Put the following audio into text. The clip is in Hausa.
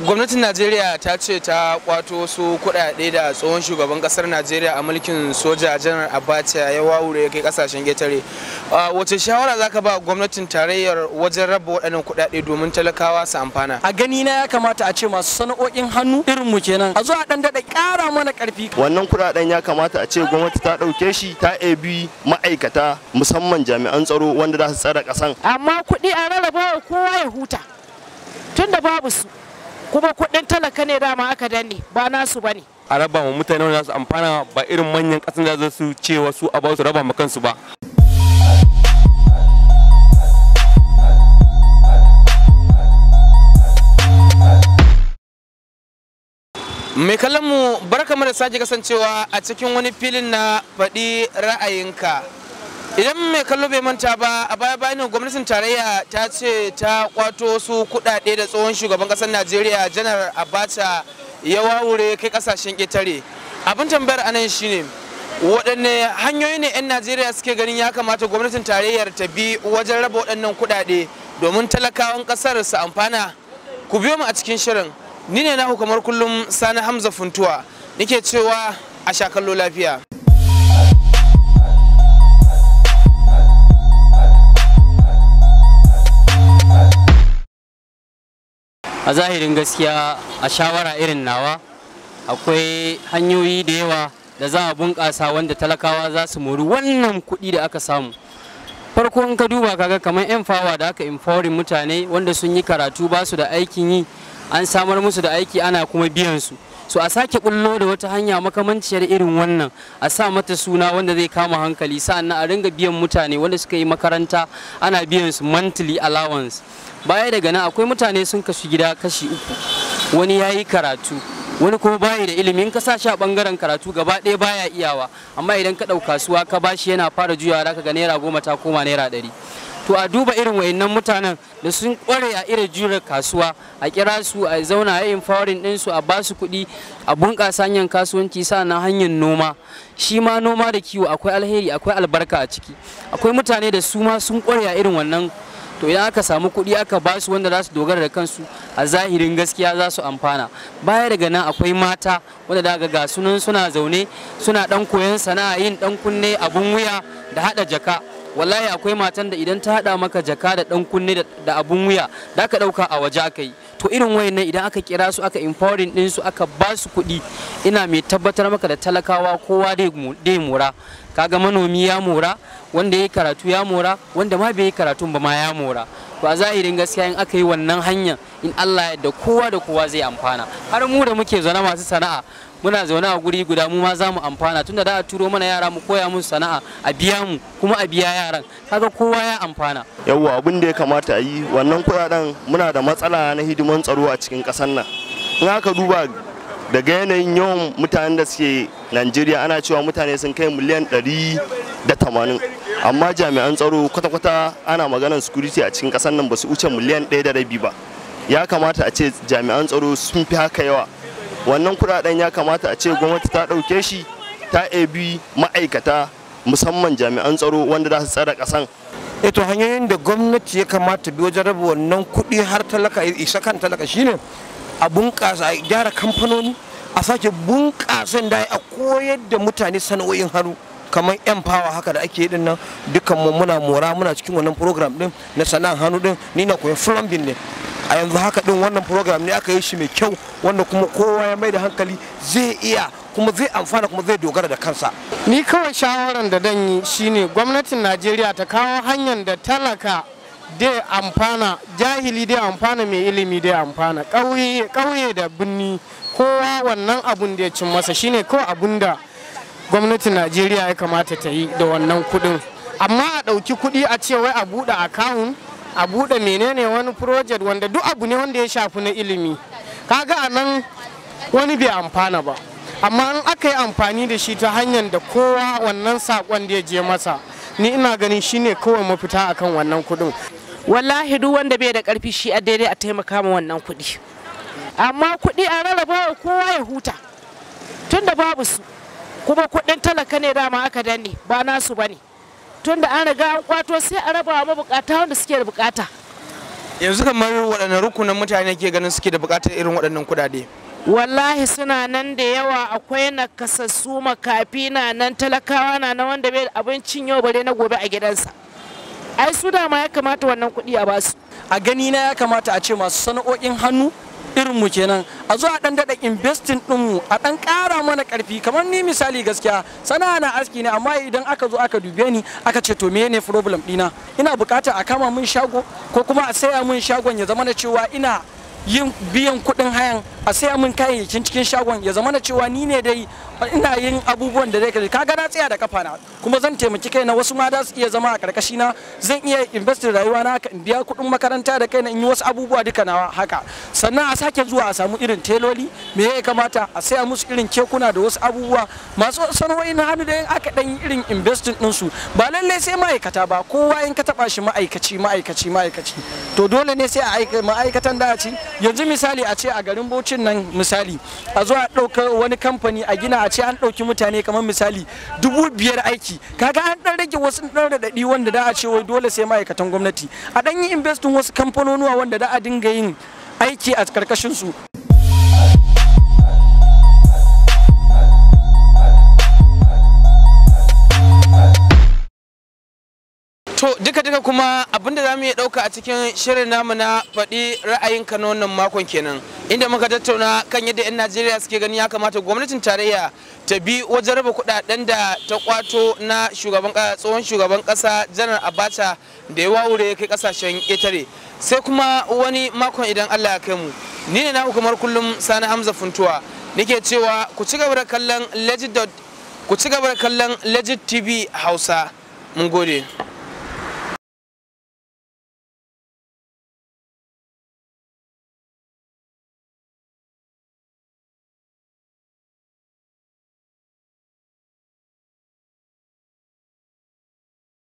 gwamnatin najeriya ta ce ta kwato su kudade da tsohon shugaban kasar najeriya a mulkin soja janar abacha ya wawure kai kasashen getare wace shawara za ka ba gwamnatin tarayyar wajen raba waɗannan kudade domin talakawa su amfana a gani na ya kamata a ce masu sana'o'in hannu irin mu kenan a zo a dan daɗa ƙara mana ƙarfi wannan kudaden ya kamata a ce gwamnati ta ɗauke shi ta ebi ma'aikata musamman jami'an tsaro wanda za su tsara ƙasan amma kuɗi a rarraba kowa ya huta tunda babu su kuma kuɗin talaka ne dama aka danne ba nasu ba ne a raba ma mutane wanda su amfana ba irin manyan kasan da su ce wasu a ba su raba ma kansu ba mai kallon mu barkamu da sake kasancewa a cikin wani filin na faɗi ra'ayinka idan mai kallo bai manta ba a baya bayan gwamnatin tarayya ta ce ta kwato su kudade da tsohon shugaban kasar najeriya janar abacha ya wawure kai kasashen ƙetare abin tambayar anan shine waɗanne hanyoyi ne 'yan najeriya suke ganin ya kamata gwamnatin tarayyar ta bi wajen raba waɗannan kudade domin talakawan ƙasar su amfana ku biyo mu a cikin shirin ni ne na kamar kullum sani hamza funtuwa nake cewa a sha kallo lafiya a zahirin gaskiya a shawara irin nawa akwai hanyoyi da yawa da za a bunƙasa wanda talakawa za su mori wannan kuɗi da aka samu farko in ka duba kaga kamar yan fawa da aka infori mutane wanda sun yi karatu ba su da aikin yi an samar musu da aiki ana kuma biyan su so a sake bullo da wata hanya makamanciyar irin wannan a sa mata suna wanda zai kama hankali sa'annan a ringa biyan mutane wanda suka yi makaranta ana biyan su monthly allowance baya daga nan akwai mutane sun kasu gida kashi uku wani ya yi karatu wani kuma bayi da ilimin ka sa a bangaren karatu gaba ɗaya baya iyawa amma idan ka ɗau kasuwa ka bashi yana fara juyawa ka ga naira goma ta koma naira ɗari to a duba irin wayannan mutanen da sun kware a irin jure kasuwa a kira su a zauna a yin fawarin ɗinsu a ba su kuɗi a bunƙasa hanyar kasuwanci na hanyar noma shi ma noma da kiwo akwai alheri akwai albarka a ciki akwai mutane da su ma sun kware a irin wannan to idan aka samu kuɗi aka ba su wanda za su dogara da kansu a zahirin gaskiya za su amfana baya daga nan akwai mata wanda daga ga sunan suna zaune suna dan koyon sana'a yin dan kunne abun wuya da hada jaka wallahi akwai matan da idan ta hada maka jaka da dan kunne da abun wuya da ka ɗauka a waje aka yi to irin wayan nan idan aka kira su aka empowering din su aka ba su kuɗi ina mai tabbatar maka da talakawa kowa dai mura kaga manomi ya mora wanda ya yi karatu ya mora wanda ma bai yi karatu ba ma ya mora to a zahirin gaskiya in aka yi wannan hanya in Allah ya da kowa da kowa zai amfana har mu da muke zaune masu sana'a muna zaune a guri guda mu ma za mu amfana tunda da a turo mana yara mu koya musu sana'a a biya mu kuma a biya yaran kaga kowa ya amfana yawwa abin da ya kamata a yi wannan kuɗaɗen muna da matsala na hidiman tsaro a cikin ƙasar nan in aka duba daga yanayin yawan mutanen da suke najeriya ana cewa mutane sun kai miliyan 180 amma jami'an tsaro kwata-kwata ana maganar security a cikin kasar nan ba su wuce miliyan 1.5 ba ya kamata a ce jami'an tsaro sun fi haka yawa wannan kudaden ya kamata a ce gwamnati ta ɗauke shi ta ebi ma'aikata musamman jami'an tsaro wanda za su tsara kasan eto eh hanyoyin da gwamnati ya kamata bi wajen raba wannan kuɗi har talaka isa kan talaka shine a bunƙasa a gyara kamfanoni a sake bunƙasa da a koyar da mutane sana'o'in hannu kamar yan fawa haka da ake din nan dukkan mu muna mora muna cikin wannan program din na sana'an hannu din ni na koyi plumbing ne a yanzu haka din wannan program ne aka yi shi mai kyau wanda kuma kowa ya mai da hankali zai iya kuma zai amfana kuma zai dogara da kansa ni kawai shawaran da dan yi shine gwamnatin Najeriya ta kawo hanyar da talaka dai amfana jahili dai amfana mai ilimi dai amfana ƙauye da birni kowa wannan abun da ya cin masa shine kawai abun da gwamnatin najeriya ya kamata ta yi da wannan kuɗin amma a ɗauki kuɗi a ce wai a buɗe akawun a buɗe menene wani project wanda duk abu ne wanda ya shafi na ilimi kaga a nan wani bai amfana ba amma in aka yi amfani da shi ta hanyar da kowa wannan saƙon da ya je masa ni ina ganin shine kawai mafita akan wannan kuɗin wallahi duk wanda bai da karfi shi a daidai a taimaka ma wannan kuɗi amma kuɗi a rarraba wa kowa ya huta tunda babu su kuma kuɗin talaka ne dama aka danne ba nasu bane tunda an riga an kwato sai a raba wa mabukata wanda suke da bukata yanzu kamar waɗanne rukunan mutane ke ganin suke da bukatar irin waɗannan kuɗaɗe wallahi suna nan da yawa akwai nakasassu makafi na nan talakawa na na wanda bai abincin yau bare na gobe a gidansa ai su dama ya kamata wannan kuɗi a basu a gani na ya kamata a ce masu sana'o'in hannu irin mu kenan a zo a dan dada investing din mu a dan ƙara mana ƙarfi kamar ni misali gaskiya sana'a na aski ne amma idan aka zo aka dube ni aka ce to menene problem dina ina bukata a kama min shago ko kuma a saya min shagon ya zama na cewa ina yin biyan kuɗin hayan a saya min kayayyakin cikin shagon ya zama na cewa ni ne dai ina yin abubuwan da zai kaga na tsaya da kafa na kuma zan taimaki kai na wasu ma da su iya zama a karkashi na zan iya invest rayuwa na in biya kuɗin makaranta da kai na in yi wasu abubuwa duka nawa haka sannan a sake zuwa a samu irin teloli me ya kamata a saya musu irin kekuna da wasu abubuwa masu sanarwoyi na hannu da yin aka dan irin investing din su ba lallai sai ma'aikata ba kowa in ka taba shi ma'aikaci ma'aikaci ma'aikaci to dole ne sai a ma'aikatan da a ci yanzu misali a ce a garin Bauchi motocin nan misali a zuwa ɗauka wani kamfani a gina a ce an ɗauki mutane kamar misali dubu biyar aiki kaga an ɗan rage wasu ɗan raɗaɗi wanda da a ce wai dole sai ma'aikatan gwamnati a ɗan yi investin wasu kamfanonuwa wanda da a dinga yin aiki a karkashin su To duka duka kuma abinda za mu iya ɗauka a cikin shirin namu na faɗi ra'ayin ka wannan makon kenan inda muka tattauna kan yadda 'yan Najeriya suke gani ya kamata gwamnatin tarayya ta bi wajen raba kuɗaɗen da ta kwato na shugaban tsohon shugaban ƙasa janar Abacha da ya wawure kai ƙasashen ƙetare sai kuma wani makon idan Allah ya kai mu ni ne na hukumar kullum Sani Hamza Funtuwa nake cewa ku ci gaba da kallon legit ku ci gaba da kallon legit TV Hausa mun gode